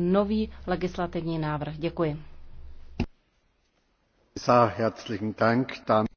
nový legislativní návrh. Děkuji.